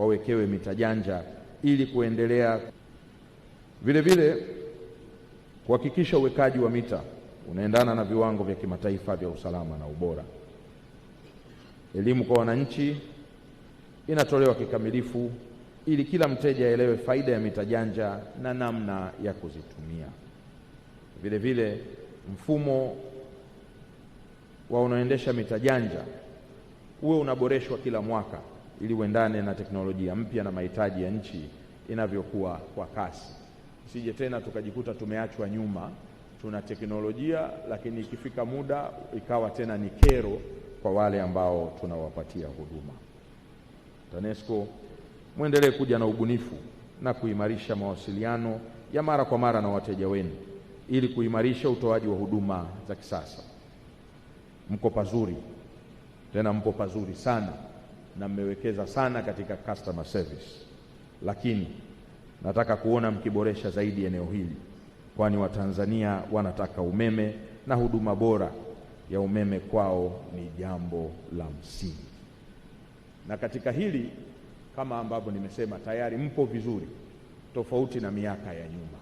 wawekewe mita janja ili kuendelea vile vile kuhakikisha uwekaji wa mita unaendana na viwango vya kimataifa vya usalama na ubora. Elimu kwa wananchi inatolewa kikamilifu ili kila mteja aelewe faida ya mita janja na namna ya kuzitumia. Vile vile mfumo wa unaoendesha mita janja uwe unaboreshwa kila mwaka ili uendane na teknolojia mpya na mahitaji ya nchi inavyokuwa kwa kasi. Usije tena tukajikuta tumeachwa nyuma, tuna teknolojia lakini ikifika muda ikawa tena ni kero kwa wale ambao tunawapatia huduma. TANESCO, mwendelee kuja na ubunifu na kuimarisha mawasiliano ya mara kwa mara na wateja wenu ili kuimarisha utoaji wa huduma za kisasa. Mko pazuri, tena mpo pazuri sana na mmewekeza sana katika customer service, lakini nataka kuona mkiboresha zaidi eneo hili, kwani Watanzania wanataka umeme na huduma bora ya umeme kwao ni jambo la msingi. Na katika hili kama ambavyo nimesema tayari mpo vizuri, tofauti na miaka ya nyuma,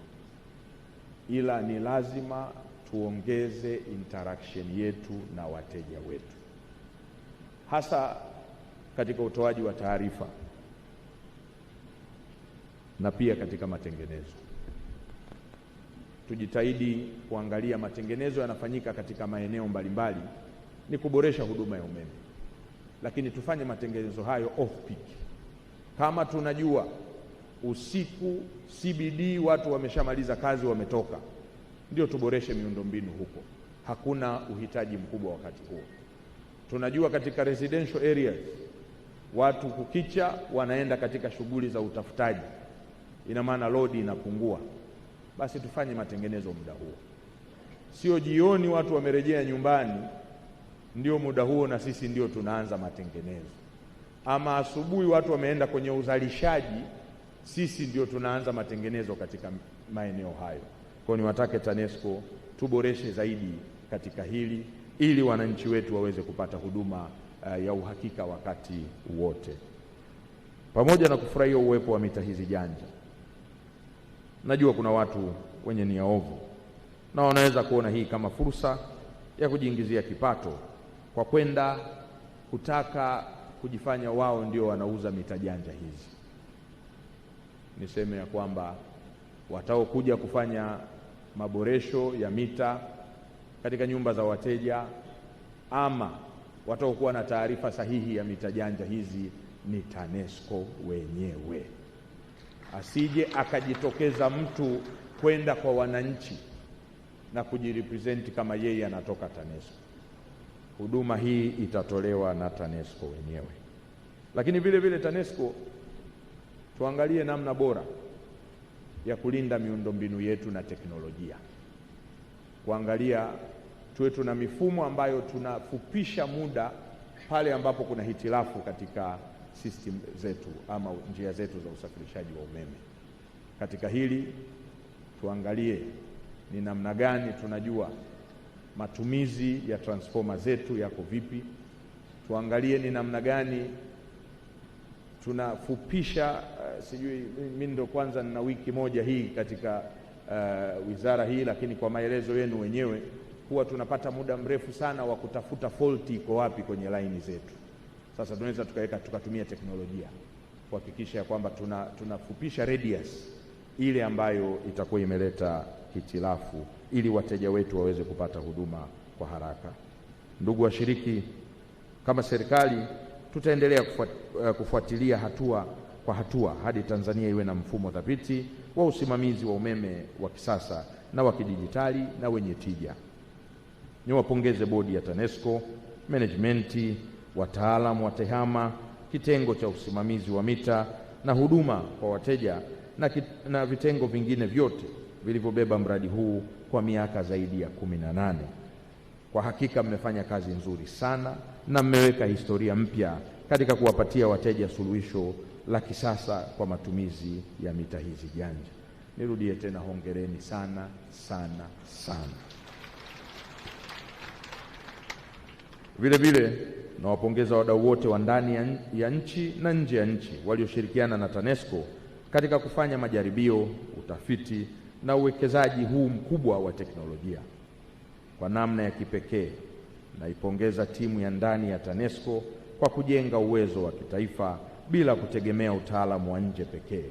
ila ni lazima tuongeze interaction yetu na wateja wetu hasa katika utoaji wa taarifa na pia katika matengenezo. Tujitahidi kuangalia matengenezo yanafanyika katika maeneo mbalimbali, ni kuboresha huduma ya umeme, lakini tufanye matengenezo hayo off peak. Kama tunajua usiku CBD watu wameshamaliza kazi, wametoka, ndio tuboreshe miundombinu huko, hakuna uhitaji mkubwa wakati huo. Tunajua katika residential areas watu kukicha wanaenda katika shughuli za utafutaji, ina maana lodi inapungua. Basi tufanye matengenezo muda huo, sio jioni watu wamerejea nyumbani ndio muda huo na sisi ndio tunaanza matengenezo, ama asubuhi watu wameenda kwenye uzalishaji, sisi ndio tunaanza matengenezo katika maeneo hayo. Kwa hiyo niwatake TANESCO tuboreshe zaidi katika hili ili wananchi wetu waweze kupata huduma uh, ya uhakika wakati wote, pamoja na kufurahia uwepo wa mita hizi janja. Najua kuna watu wenye nia ovu na wanaweza kuona hii kama fursa ya kujiingizia kipato kwa kwenda kutaka kujifanya wao ndio wanauza mita janja hizi. Niseme ya kwamba wataokuja kufanya maboresho ya mita katika nyumba za wateja ama watakuwa na taarifa sahihi ya mita janja hizi ni TANESCO wenyewe, asije akajitokeza mtu kwenda kwa wananchi na kujirepresenti kama yeye anatoka TANESCO. Huduma hii itatolewa na TANESCO wenyewe, lakini vile vile TANESCO tuangalie namna bora ya kulinda miundombinu yetu na teknolojia kuangalia tuwe tuna mifumo ambayo tunafupisha muda pale ambapo kuna hitilafu katika system zetu ama njia zetu za usafirishaji wa umeme. Katika hili tuangalie ni namna gani tunajua matumizi ya transformer zetu yako vipi, tuangalie ni namna gani tunafupisha. Uh, sijui mimi ndo kwanza nina wiki moja hii katika uh, wizara hii, lakini kwa maelezo yenu wenyewe huwa tunapata muda mrefu sana wa kutafuta fault iko wapi kwenye laini zetu. Sasa tunaweza tukaweka tukatumia teknolojia kuhakikisha kwamba tuna tunafupisha radius ile ambayo itakuwa imeleta hitilafu ili wateja wetu waweze kupata huduma kwa haraka. Ndugu washiriki, kama serikali tutaendelea eh, kufuatilia hatua kwa hatua hadi Tanzania iwe na mfumo thabiti wa usimamizi wa umeme wa kisasa na wa kidijitali na wenye tija. Niwapongeze bodi ya TANESCO, menejimenti, wataalamu wa TEHAMA, kitengo cha usimamizi wa mita na huduma kwa wateja na, kit, na vitengo vingine vyote vilivyobeba mradi huu kwa miaka zaidi ya kumi na nane. Kwa hakika mmefanya kazi nzuri sana na mmeweka historia mpya katika kuwapatia wateja suluhisho la kisasa kwa matumizi ya mita hizi janja. Nirudie tena, hongereni sana sana sana. Vile vile nawapongeza wadau wote wa ndani ya nchi na nje ya nchi walioshirikiana na TANESCO katika kufanya majaribio, utafiti na uwekezaji huu mkubwa wa teknolojia. Kwa namna ya kipekee, naipongeza timu ya ndani ya TANESCO kwa kujenga uwezo wa kitaifa bila kutegemea utaalamu wa nje pekee.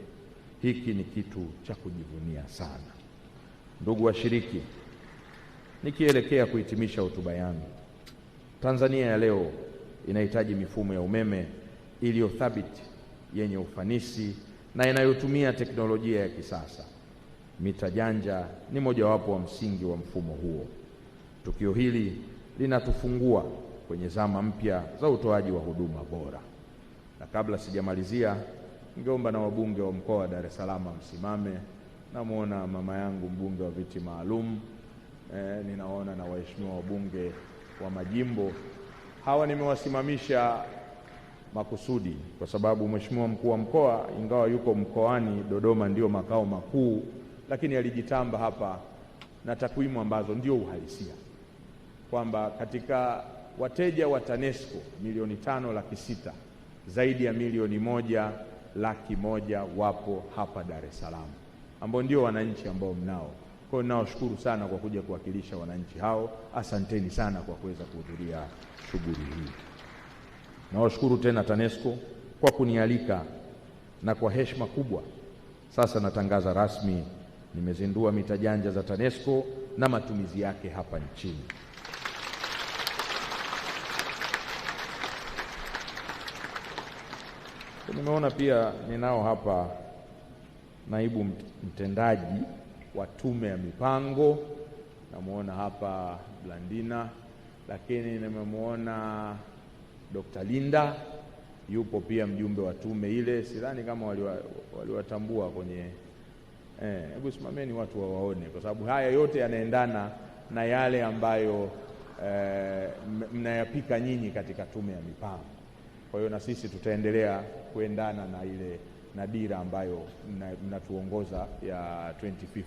Hiki ni kitu cha kujivunia sana. Ndugu washiriki, nikielekea kuhitimisha hotuba yangu Tanzania ya leo inahitaji mifumo ya umeme iliyo thabiti yenye ufanisi na inayotumia teknolojia ya kisasa. Mita janja ni mojawapo wa msingi wa mfumo huo. Tukio hili linatufungua kwenye zama mpya za utoaji wa huduma bora. Na kabla sijamalizia, ningeomba na wabunge wa mkoa wa Dar es Salaam msimame. Namwona mama yangu mbunge wa viti maalum. eh, ninaona na waheshimiwa wabunge wa majimbo. Hawa nimewasimamisha makusudi kwa sababu mheshimiwa mkuu wa mkoa ingawa yuko mkoani Dodoma, ndio makao makuu, lakini alijitamba hapa na takwimu ambazo ndio uhalisia kwamba katika wateja wa TANESCO milioni tano laki sita zaidi ya milioni moja laki moja wapo hapa Dar es Salaam, ambao ndio wananchi ambao mnao kwa hiyo nawashukuru sana kwa kuja kuwakilisha wananchi hao. Asanteni sana kwa kuweza kuhudhuria shughuli hii. Nawashukuru tena TANESCO kwa kunialika na kwa heshima kubwa, sasa natangaza rasmi nimezindua mita janja za TANESCO na matumizi yake hapa nchini. Nimeona pia ninao hapa naibu mtendaji wa tume ya mipango, namwona hapa Blandina, lakini nimemwona Dr. Linda yupo pia mjumbe wa tume ile, sidhani kama waliwatambua wali kwenye. Eh, hebu eh, simameni watu wawaone, kwa sababu haya yote yanaendana na yale ambayo eh, mnayapika nyinyi katika tume ya mipango. Kwa hiyo na sisi tutaendelea kuendana na ile na dira ambayo mnatuongoza ya 2050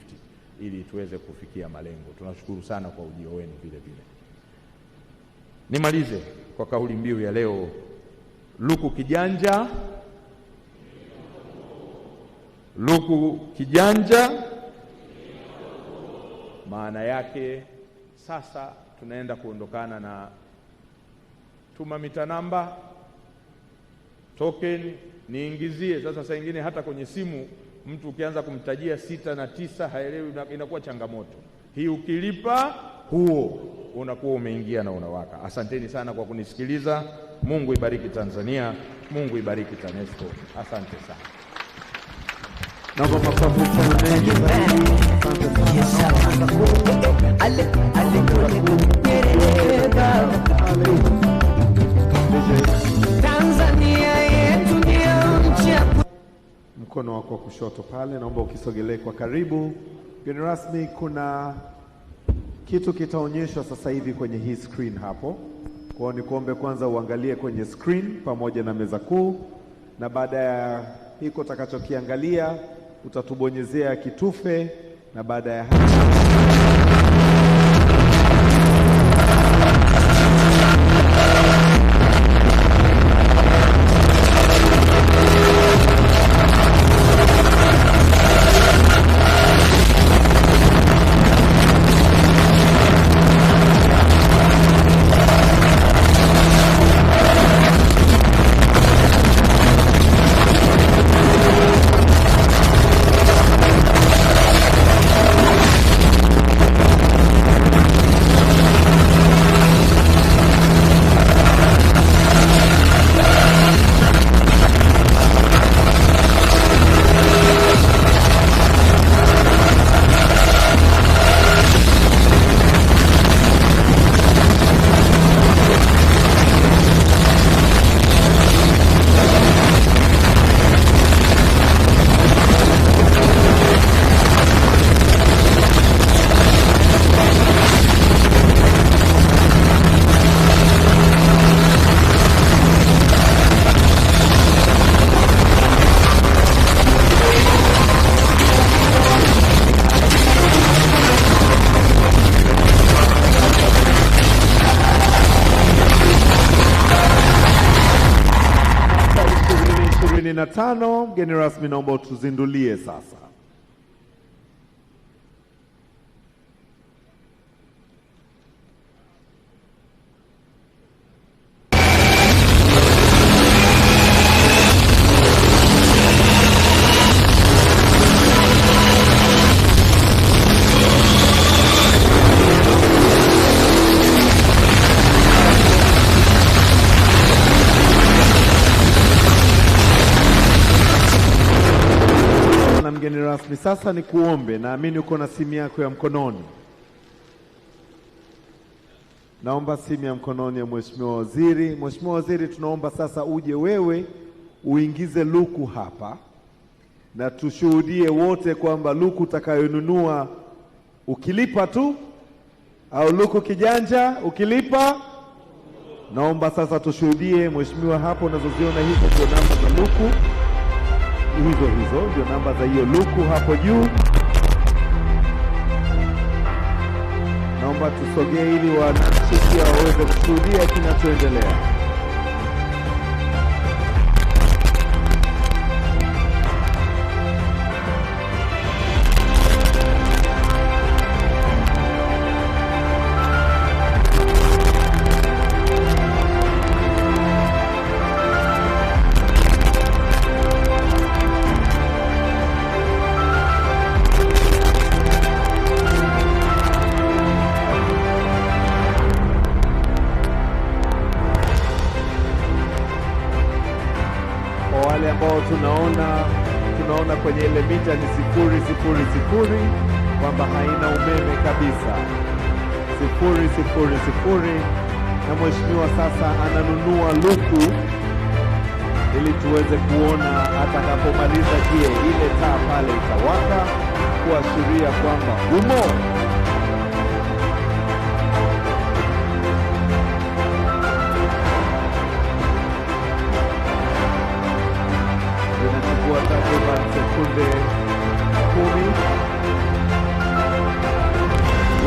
ili tuweze kufikia malengo. Tunashukuru sana kwa ujio wenu. Vile vile nimalize kwa kauli mbiu ya leo, luku kijanja, luku kijanja. Maana yake sasa tunaenda kuondokana na tuma mita namba token niingizie. Sasa saa nyingine hata kwenye simu mtu ukianza kumtajia sita na tisa haelewi, inakuwa changamoto hii. Ukilipa huo unakuwa umeingia na unawaka. Asanteni sana kwa kunisikiliza. Mungu ibariki Tanzania, Mungu ibariki TANESCO. Asante sana. sana. mkono wako wa kushoto pale, naomba ukisogelee kwa karibu. Mgeni rasmi, kuna kitu kitaonyeshwa sasa hivi kwenye hii screen hapo. Kwa hiyo nikuombe kwanza uangalie kwenye screen pamoja na meza kuu, na baada ya hiko utakachokiangalia utatubonyezea kitufe, na baada ya hapo Mgeni rasmi, naomba utuzindulie sasa. Hivi sasa ni kuombe naamini uko na simu yako ya mkononi. Naomba simu ya mkononi ya Mheshimiwa Waziri. Mheshimiwa Waziri, tunaomba sasa uje wewe uingize luku hapa na tushuhudie wote kwamba luku utakayonunua ukilipa tu au luku kijanja ukilipa. Naomba sasa tushuhudie, Mheshimiwa, hapo unazoziona hizo namba za luku hizo hizo, ndio namba za hiyo luku hapo juu. Naomba tusogee ili wananchi pia waweze kushuhudia kinachoendelea. mita ni sifuri sifuri sifuri kwamba haina umeme kabisa sifuri sifuri sifuri, na mheshimiwa sasa ananunua luku ili tuweze kuona atakapomaliza, je, ile taa pale itawaka kuashiria kwamba umo Kumi.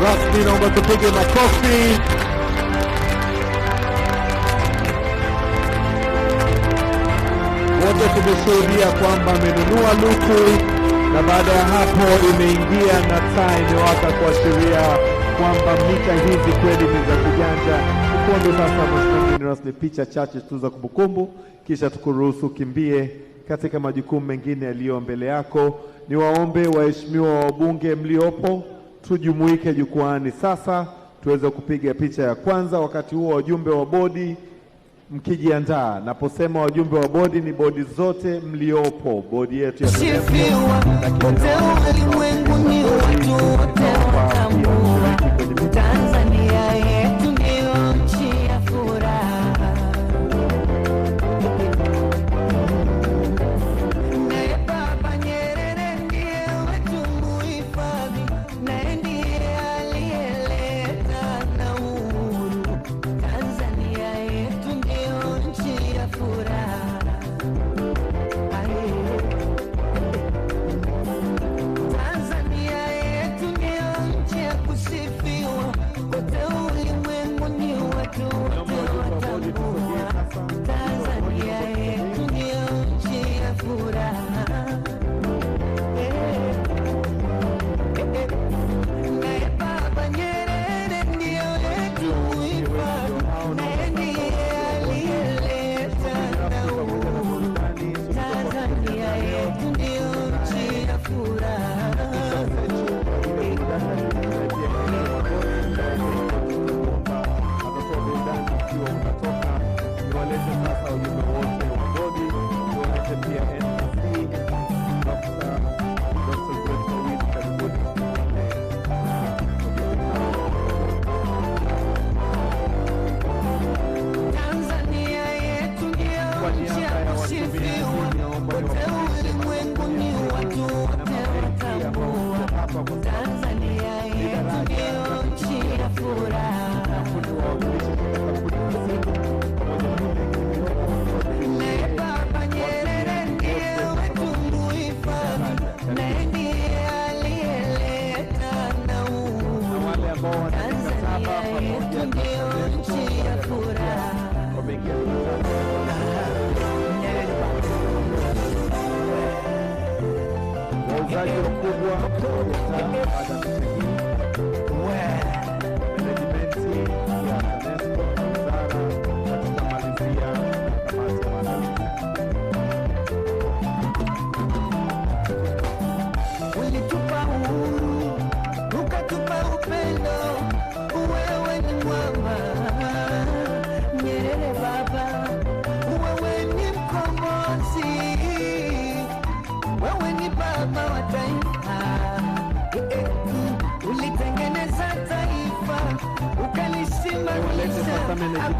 Rasmi naomba tupige makofi. Wote tumeshuhudia kwamba amenunua luku na baada ya hapo imeingia na taa imewaka kuashiria kwamba mita hizi kweli ni za kujanja. Ukondo sasa, mheshimiwa mgeni rasmi, picha chache tu za kumbukumbu, kisha tukuruhusu kimbie katika majukumu mengine yaliyo mbele yako. Niwaombe waheshimiwa wabunge mliopo, tujumuike jukwaani sasa tuweze kupiga picha ya kwanza. Wakati huo wajumbe wa bodi mkijiandaa, naposema wajumbe wa bodi ni bodi zote mliopo, bodi yetu ya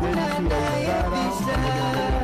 When I die at this time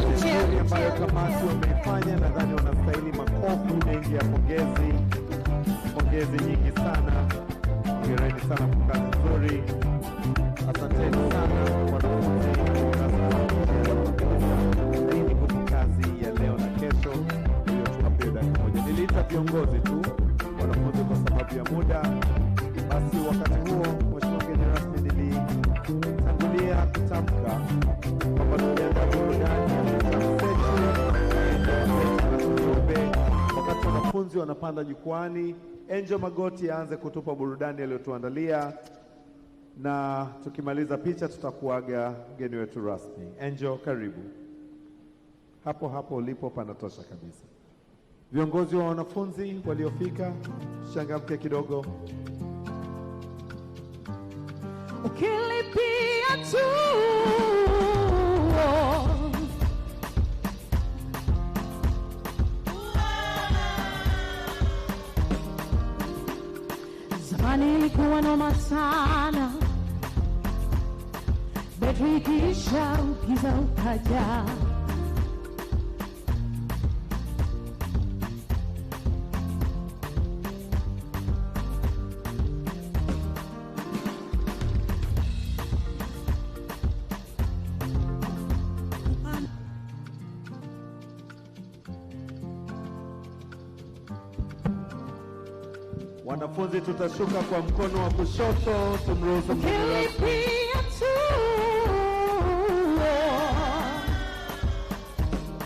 kazi ambayo kamati wameifanya. Nadhani wanastahili makofi mengi ya pongezi, pongezi nyingi sana. Hongereni sana kwa kazi nzuri, asanteni sana wanafunzi zaidi kwa kazi ya leo na kesho iliyochukua dakika moja. Niliita viongozi tu, wanafunzi kwa sababu ya muda. Basi wakati huo wanafunzi wanapanda jukwani. Angel Magoti aanze kutupa burudani aliyotuandalia, na tukimaliza picha tutakuaga mgeni wetu rasmi. Angel, karibu. Hapo hapo ulipo panatosha kabisa. Viongozi wa wanafunzi waliofika, changamke kidogo. Ukilipia tu Zamani ilikuwa noma sana, betri ikiisha, giza ukaja. Wanafunzi tutashuka kwa mkono wa kushoto, tumruhusu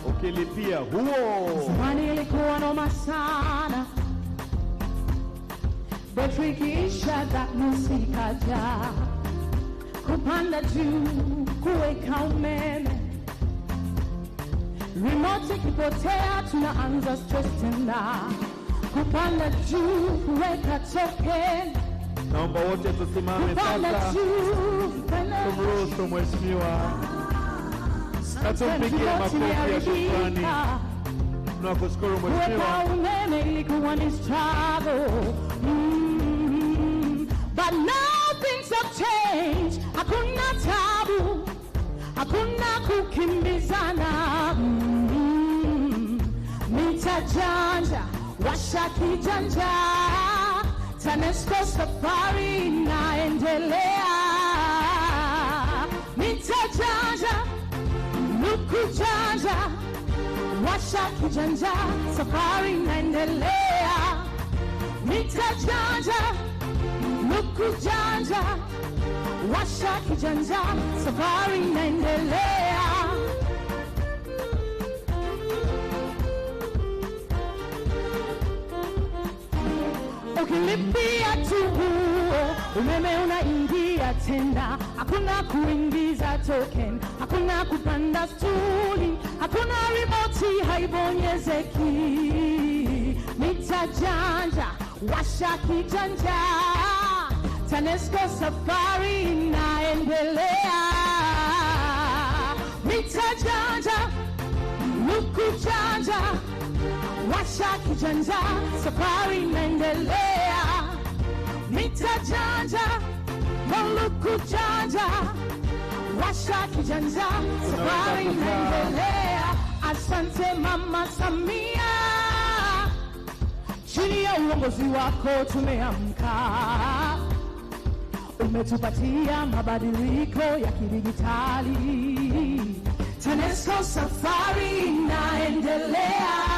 ukilipia huo. Zamani ilikuwa noma sana, betri ikiisha danusi ikaja, kupanda juu, kuweka umeme, remote ikipotea, tunaanza stress tena Kupanda juu Naomba wote tusimame sasa, tumruhusu mheshimiwa na tumpigie makofi ya shukrani. Tunakushukuru mheshimiwa. Mm. but now things have changed. Hakuna tabu, hakuna kukimbizana. Mm. Mita janja washa kijanja, TANESCO safari inaendelea, mitajanja nukujanja, washa kijanja, safari inaendelea, mitajanja nukujanja, washa kijanja, safari inaendelea ukilipia tu huo umeme unaingia tenda hakuna kuingiza token, hakuna kupanda stuli, hakuna remote haibonyezeki. Mita janja, washa kijanja, TANESCO safari inaendelea. Mita janja, luku janja washa kijanja, safari inaendelea. Mita janja, Moluku janja, washa kijanja, safari inaendelea. Asante Mama Samia, chini ya uongozi wako tumeamka, umetupatia mabadiliko ya kidigitali. TANESCO safari inaendelea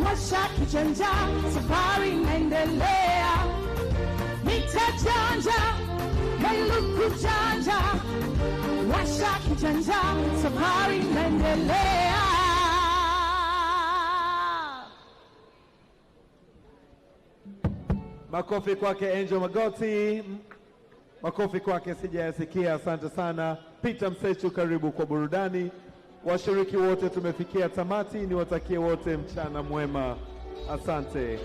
nitajanja kijanja safari naendelea nitajanja kijanja safari naendelea makofi kwake Angel Magoti, makofi kwake sijayasikia. Asante sana. Peter Msechu, karibu kwa burudani. Washiriki wote tumefikia tamati, niwatakie wote mchana mwema, asante.